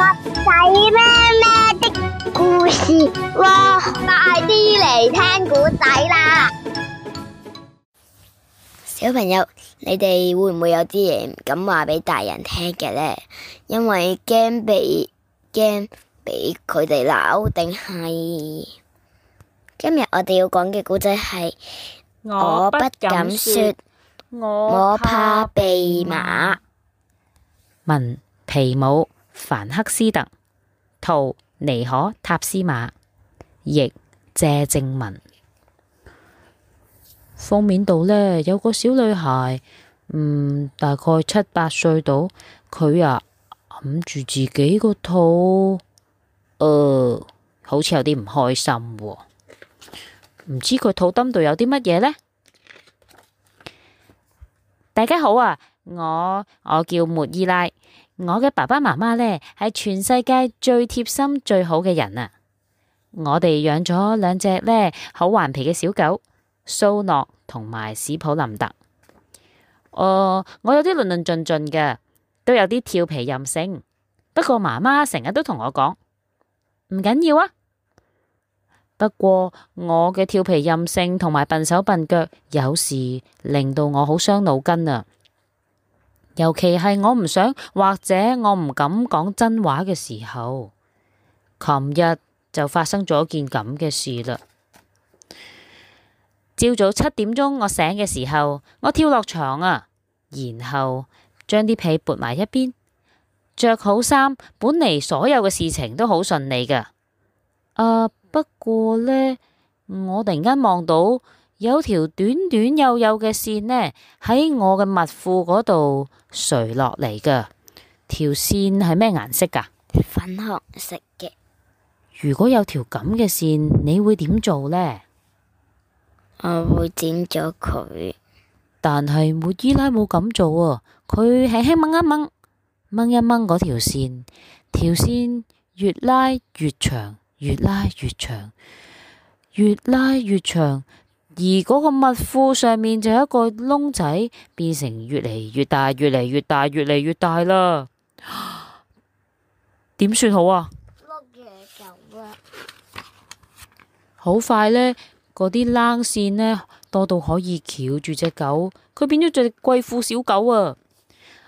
仔咩咩的故事，哇！快啲嚟聽古仔啦！小朋友，你哋會唔會有啲嘢唔敢話俾大人聽嘅呢？因為驚被驚被佢哋鬧，定係？今日我哋要講嘅古仔係我不敢說，我怕被罵，文：皮姆。凡赫斯特、圖妮可、塔斯馬、譯：謝靜雯。封面度呢，有個小女孩，嗯，大概七八歲度，佢啊揞住自己個肚，誒、呃，好似有啲唔開心，啊，唔知佢肚墩度有啲乜嘢呢？大家好啊，我我叫莫伊拉。我嘅爸爸媽媽咧，係全世界最貼心最好嘅人啊！我哋養咗兩隻咧好頑皮嘅小狗，蘇諾同埋史普林特。誒、呃，我有啲論論盡盡嘅，都有啲調皮任性。不過媽媽成日都同我講唔緊要啊。不過我嘅調皮任性同埋笨手笨腳，有時令到我好傷腦筋啊。尤其係我唔想或者我唔敢講真話嘅時候，琴日，就發生咗件咁嘅事啦。朝早七點鐘我醒嘅時候，我跳落床啊，然後將啲被撥埋一邊，着好衫。本嚟所有嘅事情都好順利噶。啊，不過呢，我突然間望到。有條短短幼幼嘅線呢，喺我嘅襪褲嗰度垂落嚟嘅。條線係咩顏色噶？粉紅色嘅。如果有條咁嘅線，你會點做呢？我會剪咗佢。但係木依拉冇咁做喎、啊，佢輕輕掹一掹，掹一掹嗰條線，條線越拉越長，越拉越長，越拉越長。越而嗰個襪褲上面就有一個窿仔，變成越嚟越大，越嚟越大，越嚟越大啦。點算好啊？好快呢，嗰啲冷線呢，多到可以翹住隻狗，佢變咗隻貴婦小狗啊！誒、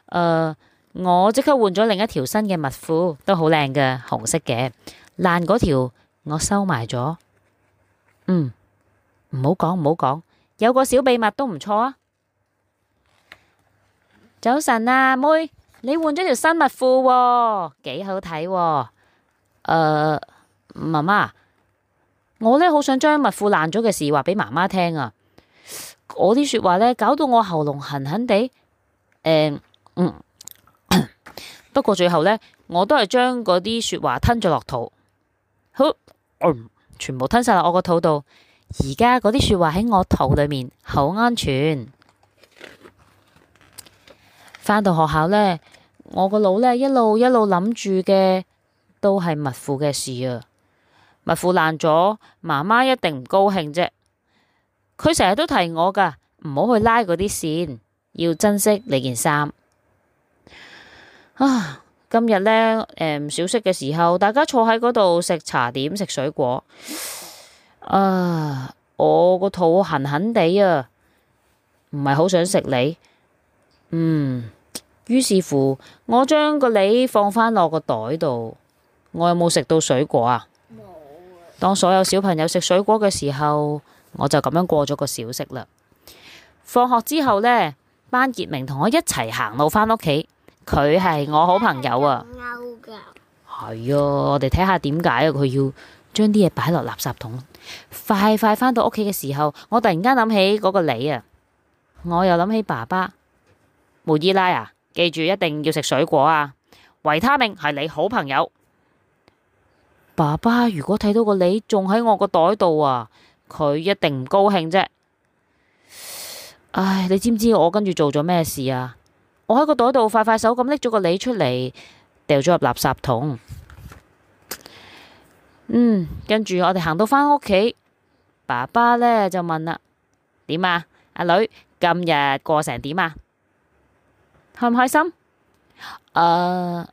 呃，我即刻換咗另一條新嘅襪褲，都好靚嘅，紅色嘅。爛嗰條我收埋咗，嗯。唔好講，唔好講，有個小秘密都唔錯啊！早晨啊，妹，你換咗條新襪褲，哦，幾好睇。哦。誒、呃，媽媽，我咧好想將襪褲爛咗嘅事話俾媽媽聽啊！我啲說話咧搞到我喉嚨痕痕地。誒，嗯，嗯，不過最後咧，我都係將嗰啲說話吞咗落肚，好，嗯、全部吞晒落我個肚度。而家嗰啲說話喺我肚裏面好安全。返到學校呢，我個腦呢一路一路諗住嘅都係密庫嘅事啊。密庫爛咗，媽媽一定唔高興啫。佢成日都提我㗎，唔好去拉嗰啲線，要珍惜你件衫。啊，今日呢，唔、呃、小息嘅時候，大家坐喺嗰度食茶點，食水果。啊！我個肚痕痕地啊，唔係好想食梨。嗯，於是乎，我將個梨放翻落個袋度。我有冇食到水果啊？冇。當所有小朋友食水果嘅時候，我就咁樣過咗個小息啦。放學之後呢，班傑明同我一齊行路翻屋企。佢係我好朋友啊。勾係、嗯、係啊，我哋睇下點解佢要將啲嘢擺落垃圾桶。快快返到屋企嘅時候，我突然間諗起嗰個梨啊，我又諗起爸爸，梅姨奶啊，記住一定要食水果啊，維他命係你好朋友。爸爸如果睇到個梨仲喺我個袋度啊，佢一定唔高興啫。唉，你知唔知我跟住做咗咩事啊？我喺個袋度快快手咁拎咗個梨出嚟，掉咗入垃圾桶。嗯，跟住我哋行到返屋企，爸爸咧就問啦：點啊，阿女今日過成點啊？開唔開心？誒、呃，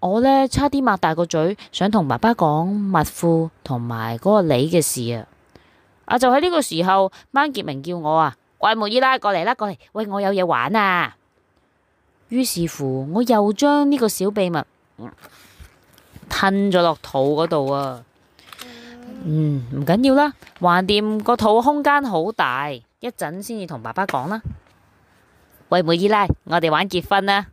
我咧差啲擘大個嘴，想同爸爸講密庫同埋嗰個你嘅事啊！啊，就喺呢個時候，班傑明叫我啊，愛慕伊拉過嚟啦，過嚟，喂，我有嘢玩啊！於是乎，我又將呢個小秘密吞咗、嗯、落肚嗰度啊！嗯，唔緊要啦，橫掂個肚空間好大，一陣先至同爸爸講啦。喂，梅依拉，我哋玩結婚啊！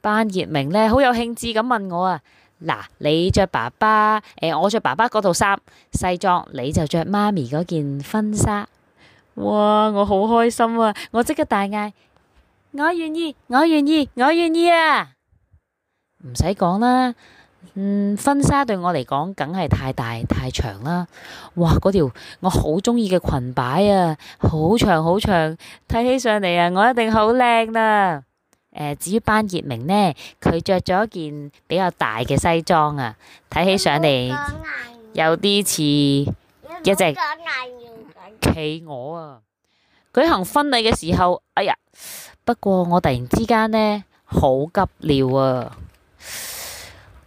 班傑明呢好有興致咁問我啊，嗱，你着爸爸，誒，我着爸爸嗰套衫西裝，你就着媽咪嗰件婚紗。哇，我好開心啊！我即刻大嗌：我願意，我願意，我願意啊！唔使講啦。嗯，婚紗對我嚟講，梗係太大太長啦。哇，嗰條我好中意嘅裙擺啊，好長好長，睇起上嚟啊，我一定好靚啦。誒，至於班傑明呢，佢着咗一件比較大嘅西裝啊，睇起上嚟有啲似一隻企鵝啊。舉行婚禮嘅時候，哎呀，不過我突然之間呢，好急尿啊！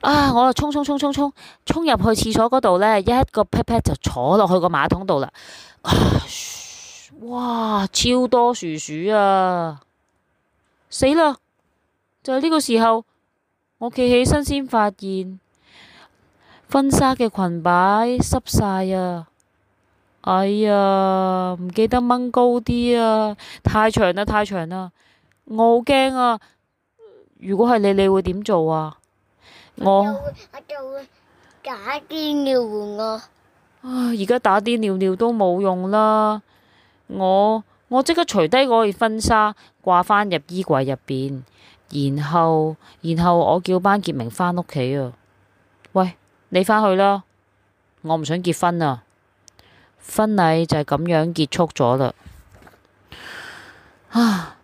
啊！我啊，衝衝衝衝衝衝入去廁所嗰度呢，一個 pat pat 就坐落去個馬桶度啦，啊。哇！超多鼠鼠啊，死啦！就係、是、呢個時候，我企起身先發現婚紗嘅裙擺濕晒啊！哎呀，唔記得掹高啲啊！太長啦，太長啦！我好驚啊！如果係你，你會點做啊？我就會打啲尿尿。啊！而家打啲尿尿都冇用啦。我我即刻除低件婚紗，掛翻入衣櫃入邊。然後然後我叫班傑明返屋企啊。喂，你返去啦。我唔想結婚啊。婚禮就係咁樣結束咗啦。啊！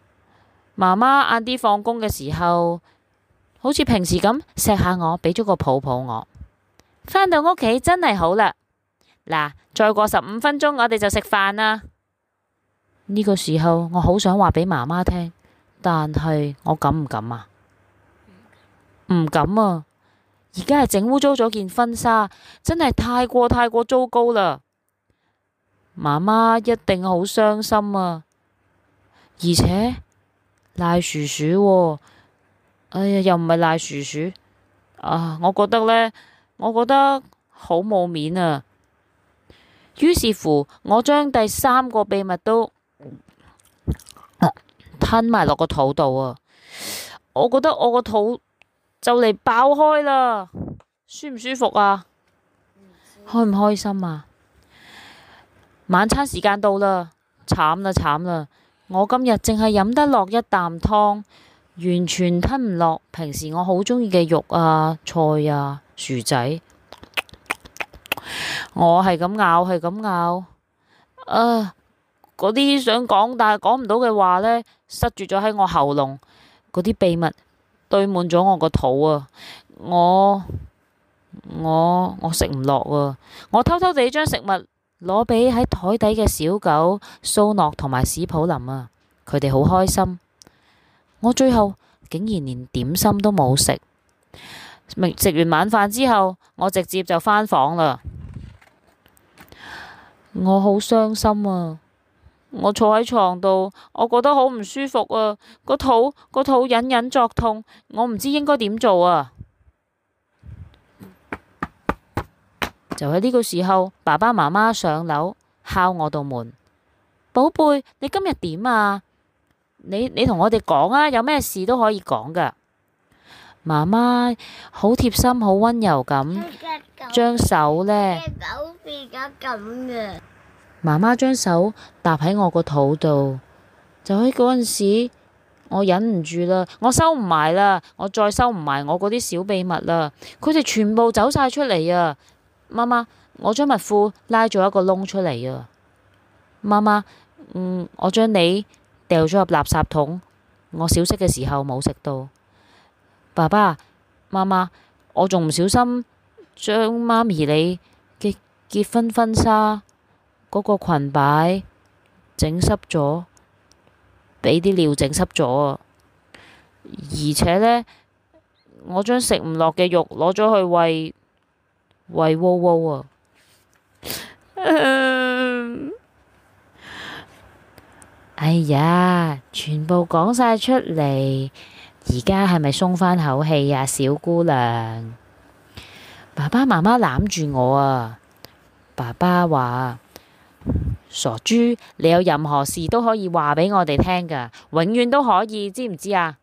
媽媽晏啲放工嘅時候。好似平時咁錫下我，俾咗個抱抱我。返到屋企真係好啦，嗱，再過十五分鐘我哋就食飯啦。呢個時候我好想話俾媽媽聽，但係我敢唔敢啊？唔敢啊！而家係整污糟咗件婚紗，真係太過太過糟糕啦。媽媽一定好傷心啊！而且賴樹樹喎。哎呀，又唔係賴薯叔啊！我覺得呢，我覺得好冇面啊。於是乎，我將第三個秘密都、啊、吞埋落個肚度啊！我覺得我個肚就嚟爆開啦，舒唔舒服啊？開唔開心啊？晚餐時間到啦，慘啦慘啦！我今日淨係飲得落一啖湯。完全吞唔落。平時我好中意嘅肉啊、菜啊、薯仔，我係咁咬，係咁咬啊！嗰啲想講但係講唔到嘅話呢，塞住咗喺我喉嚨嗰啲秘密，堆滿咗我個肚啊！我我我食唔落啊。我偷偷哋將食物攞俾喺枱底嘅小狗蘇諾同埋史普林啊！佢哋好開心。我最後竟然連點心都冇食，食完晚飯之後，我直接就返房啦。我好傷心啊！我坐喺床度，我覺得好唔舒服啊，個肚個肚隱隱作痛，我唔知應該點做啊。就喺呢個時候，爸爸媽媽上樓敲我度門，寶貝，你今日點啊？你你同我哋講啊，有咩事都可以講噶。媽媽好貼心，好溫柔咁，將 手咧，媽媽將手搭喺我個肚度，就喺嗰陣時，我忍唔住啦，我收唔埋啦，我再收唔埋我嗰啲小秘密啦，佢哋全部走晒出嚟！啊！媽媽，我將襪褲拉咗一個窿出嚟啊！媽媽，嗯，我將你。掉咗入垃圾桶，我小息嘅時候冇食到。爸爸、媽媽，我仲唔小心將媽咪你嘅結婚婚紗嗰個裙擺整濕咗，俾啲尿整濕咗啊！而且呢，我將食唔落嘅肉攞咗去餵餵蝸蝸啊！ 哎呀，全部講晒出嚟，而家係咪鬆翻口氣呀，小姑娘？爸爸媽媽攬住我啊，爸爸話：傻豬，你有任何事都可以話俾我哋聽噶，永遠都可以，知唔知啊？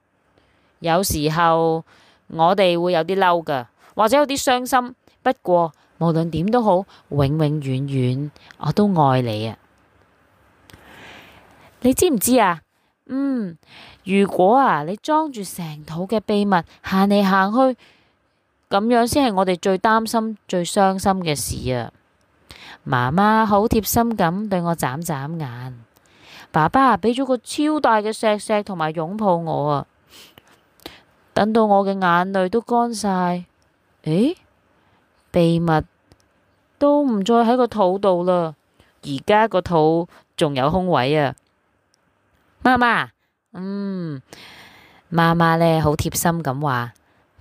有時候我哋會有啲嬲噶，或者有啲傷心，不過無論點都好，永永遠遠我都愛你啊！你知唔知啊？嗯，如果啊，你裝住成肚嘅秘密行嚟行去，咁樣先係我哋最擔心、最傷心嘅事啊！媽媽好貼心咁對我眨眨眼，爸爸俾咗個超大嘅錫錫同埋擁抱我啊！等到我嘅眼淚都乾晒，誒、欸，秘密都唔再喺個肚度啦，而家個肚仲有空位啊！媽媽，嗯，媽媽咧好貼心咁話，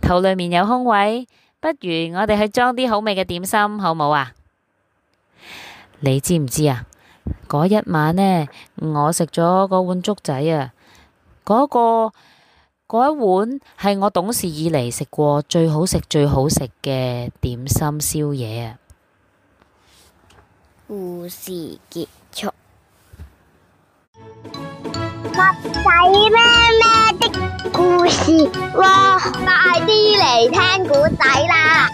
肚裏面有空位，不如我哋去裝啲好味嘅點心，好唔好啊？你知唔知啊？嗰一晚呢，我食咗嗰碗粥仔啊，嗰、嗰個嗰一碗係我懂事以嚟食過最好食最好食嘅點心宵夜啊！護士襪仔咩咩的故事喔，快啲嚟聽古仔啦！